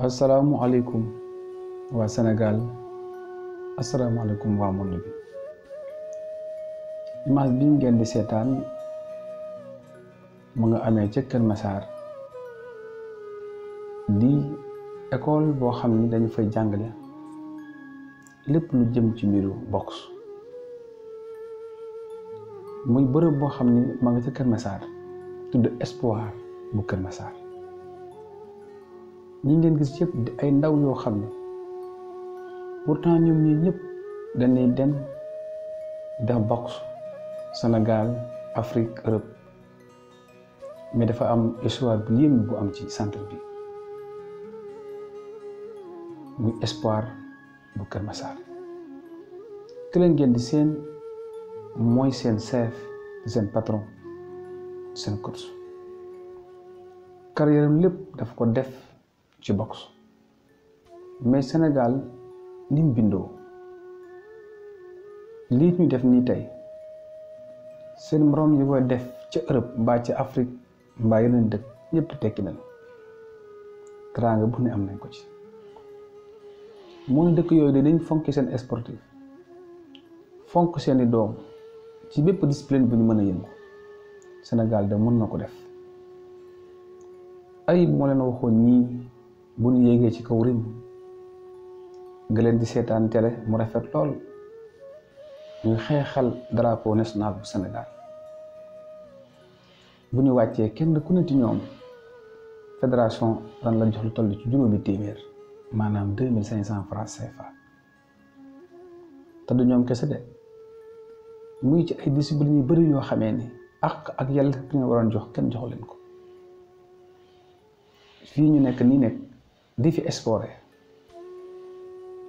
Assalamualaikum wa Sénégal asalaamualeykum wa monde bi image bi ngeen di setan mu nga amee di école bo xamni ni fay jàngale ya. lepp lu jëm ci mbiru box muy bërëb bo xamni ni ma nga ci Kër Massar tudd Espoir bu Kër Massar ñi ngeen gis yëpp ay ndaw yoo xam ne pourtant ñoom ñi ñëpp dañuy dem da boxe Sénégal Afrique Europe mais dafa am histoire bu yéem bu am ci centre bi muy espoir bu Kër Massar ki leen ngeen di seen mooy seen chef seen patron seen course carrière lépp daf ko def ci boxe mais Sénégal ni bindoo lii ñu def nii tey seen moroom yi koy def ca Europe mbaa ci Afrique mbaa yeneen dëkk ñëpp tekki nañ teraanga bu ne am nañ ko ci mooy dëkk yooyu de dañ fonk seen sportif fonk seeni doom ci bépp discipline bu ñu mën a yëngu Sénégal de mën na ko def ay moo leen waxoon ñii bu ñu yéegee ci kaw rim nga leen di seetaan télé mu rafet lool ñuy xeexal drapeau national bu Sénégal bu ñu wàccee kenn ku ne ci ñoom fédération ran la jox lu toll ci juróomi téeméer maanaam deux mille cinq cent francs CFA te du ñoom kese de muy ci ay discipline ñuy bëri yoo xamee ni ak ak yàlla bi nga waroon jox kenn jox leen ko fii ñu nekk nii nekk. di fi explorer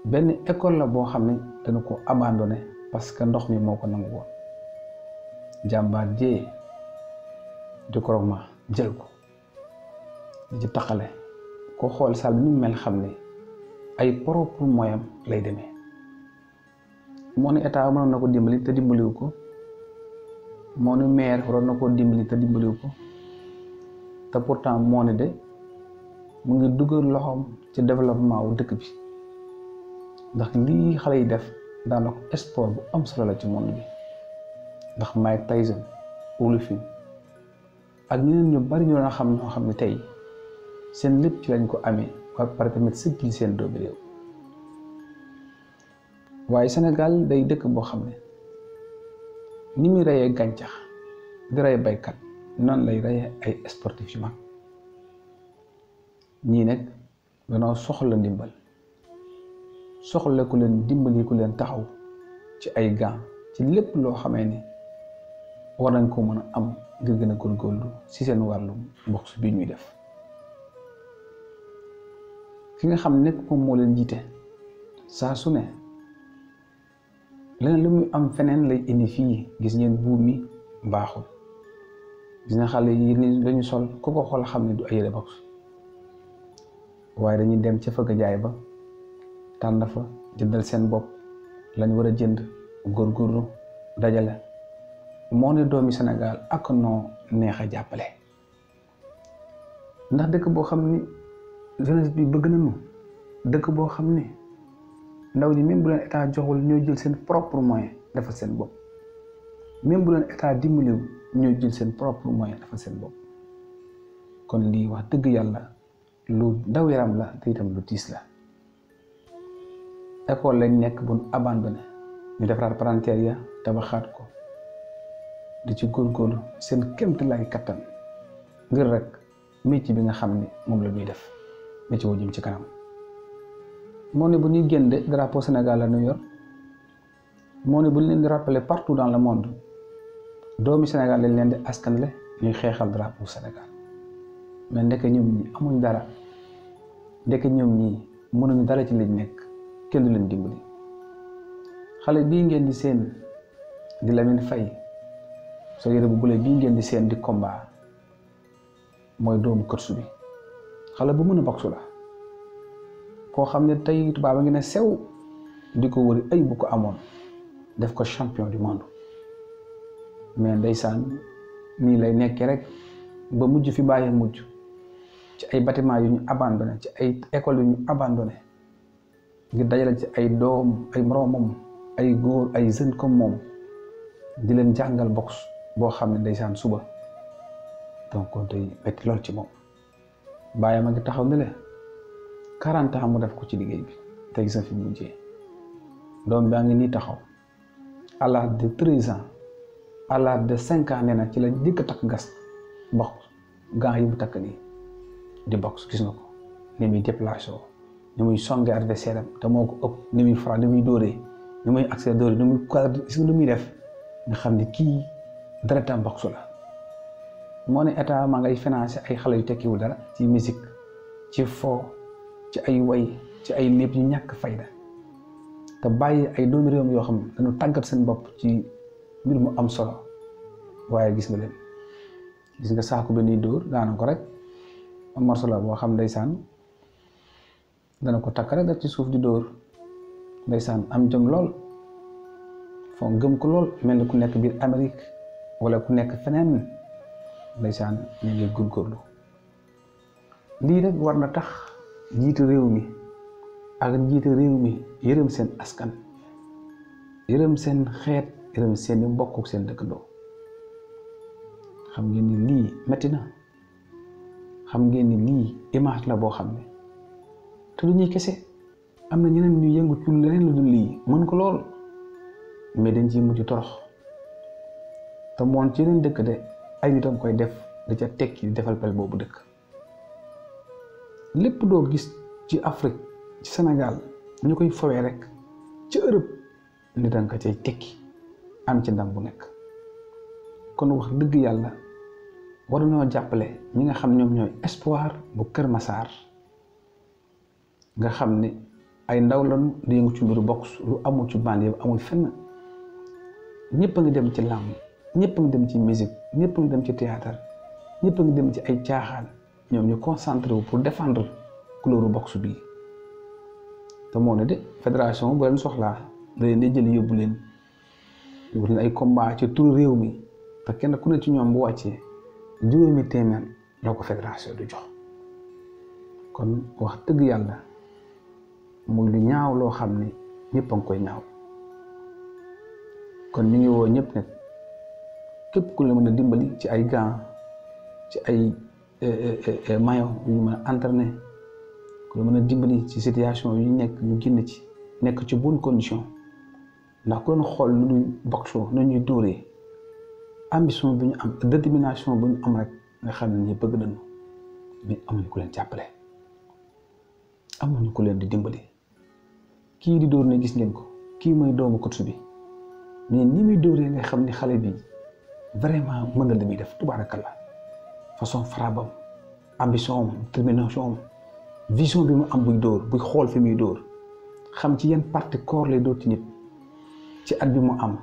benn école la boo xam ne dana ko abandonné parce que ndox mi moo ko nangu woon jàmbaar jee di koroma jël ko di ci taxale ko xool sal ni mel xam ne ay propre moyen lay demee moo ne état mënoon na ko dimbali te dimbali ko moo ne maire waroon na dimbali te dimbali ko te pourtant moo ne de mu ngi dugal loxoom ci développement wu dëkk bi ndax lii xale yi def daanaka sport bu am solo la ci monde bi ndax Mike Tyson Olufin ak ñu neen ñu bari ñu doon xam ñoo xam ne tey seen lépp ci lañ ko amee ba pare tamit sëggil seen doomi réew waaye senegal day dëkk boo xam ne ni muy reyee gàncax di rey baykat noonu lay reyee ay sportif ñii nag danoo soxla ndimbal soxla ku leen dimbali ku leen taxaw ci ay gan ci lépp loo xamee ni war nañ ko mën a am ngir gën a góorgóorlu ci seen wàllu box bi ñuy def ki nga xam nekk moom moo leen jiite saa su ne leneen lu muy am feneen lay indi fii gis ngeen buum mi baaxul gis na xale yi dañu sol ku ko xool xam ne du ay yére box waaye dañuy dem ca fëgg jaay ba tànn fa jëndal seen bopp lañ war a jënd góorgóorlu dajale moo ne doomi senegal ak noo neex a jàppale ndax dëkk boo xam ni jeunesse bi bëgg nañu dëkk boo xam ni ndaw ñi même bu leen état joxul ñoo jël seen propre moyen defal seen bopp même bu leen état dimbaliwul ñoo jël seen propre moyen defal seen bopp kon lii wax dëgg yàlla lu ndaw yaram la te itam lu tiis la école lañ nekk bu nu abandonné ñu defaraat parentère ya tabaxaat ko di ci góorgóorlu seen kémt lay kattan ngir rek métier bi nga xam ne moom la ñuy def métier wu jëm ci kanam moo ne bu ñuy génn drapeau Sénégal la ñuy yor moo ne bu ñu leen di rappeler partout dans le monde doomi Sénégal lañ leen di askan le ñuy xeexal drapeau Sénégal mais ndeke ñoom ñi amuñ dara ndeke ñoom ñii mënuñu dara ci liñ nekk kenn du leen dimbali xale bii ngeen di seen di lamin fay sa yére bu bule bii ngeen di seen di combat mooy doomu kërsu bi xale bu mën a la koo xam ne tey tubaab a ngi ne sew di ko wëri ay bu ko amoon def ko champion du monde mais ndeysaan nii lay nekkee rek ba mujj fi mujj ci ay batiment yu ñu abandonné ci ay école yu ñu abandonné ngir dajale ci ay doom ay moroomam ay góor ay jeunes comme moom di leen jàngal box boo xam ne ndeysaan suba donc kon tey metti lool ci moom bàyyi ma ngi taxaw ne le quarante ans mu def ko ci liggéey bi tey gis na fi mujjee doom baa ngi nii taxaw à l'âge de de cinq na ci la njëkk a takk gas ba gants yi takk nii di box gis na ko ni muy déplacé ni muy songé adversaire am te moo ko ëpp ni muy muy dóoree ni muy accès dóoree ni muy ni muy def nga xam ne kii deretam box la moo ne état maa ngay financé ay xale yu tekkiwul dara ci musique ci fo ci ay woy ci ay lépp ñu ñàkk fayda te bàyyi ay doomi réewam yoo xam ne dañu tàggat seen bopp ci mbir mu am solo waaye gis nga leen gis nga saako bi ñuy dóor daana ko rek morso la bo xam ndaysan dana ko takk rek da ci suuf di dóor ndaysan am jëm lool fong gëm ko lool melni ku nekk biir Amérique wala ku nekk feneen ndaysan ñu ngi góorgóorlu li rek war na tax jiitu réew mi ak jitu réew mi yërëm seen askan yërëm sen xeet yërëm sen i mbokk seen dëkkandoo xam ngeen ni lii metti na xam ngeen ni lii image la boo xam ne te du ñuy kese am na ñeneen ñu yëngu ci leneen lu dul lii mën ko lool mais dañ ciy mujj torox te moom ci yeneen dëkk de ay nitam koy def da ca tekki di defal pel boobu dëkk lépp doo gis ci Afrique ci Sénégal ñu koy fawee rek ci Europe ni danga ko cay tekki am ci ndam bu nekk kon wax dëgg yàlla war waruñoo jàppale ñi nga xam ñoom ñooy espoir bu Kër Massar nga xam ni ay ndaw lañu di yëngu ci mbiru box lu amul ci band yëpp amul fenn ñëpp a dem ci làmb ñëpp dem ci musique ñëpp a dem ci théâtre ñëpp dem ci ay caaxaan ñoom ñu concentré wu pour défendre couleur box bii te moo ne de fédération bu leen soxlaa da leen di jël yóbbu leen yóbbu leen ay combat ci turu réew mi te kenn ku ne ci ñoom bu wàccee. juróomi téeméer la ko fédération du jox kon wax dëgg yàlla muy lu ñaaw loo xam ni ñëpp a ngi koy ñaaw kon ñu ngi woo ñëpp nag képp ku la mën a dimbali ci ay gants ci ay eh, eh, eh, maillot yu ñu mën a entraîner ku la mën a dimbali ci situation yu nekk ñu génn ci nekk ci bonne condition ndax ku doon xool nu ñuy boxoo nu ñuy dóoree ambition bi ñu am détermination bu ñu am rek nga xam ne ñi bëgg nañu mais amuñu ku leen jàppale amuñu ku leen di dimbale kii di dóor ne gis ngeen ko kii mooy doomu kottu bi mais ni muy dóor yi nga xam ni xale bi vraiment mën na li muy def la façon farabam ambition am détermination am vision bi mu am buy dóor buy xool fi muy dóor xam ci yan partie corps lay dóor ci nit ci at bi mu am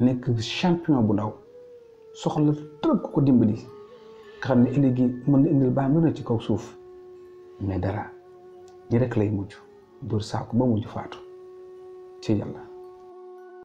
nekk champion bu ndaw. soxla trop ku ko dimbali nga xam ne ëllëgi mën na indil baax lu ne ci kaw suuf mais dara ñi rek lay mujj dóor saako ba mujj faatu ci yàlla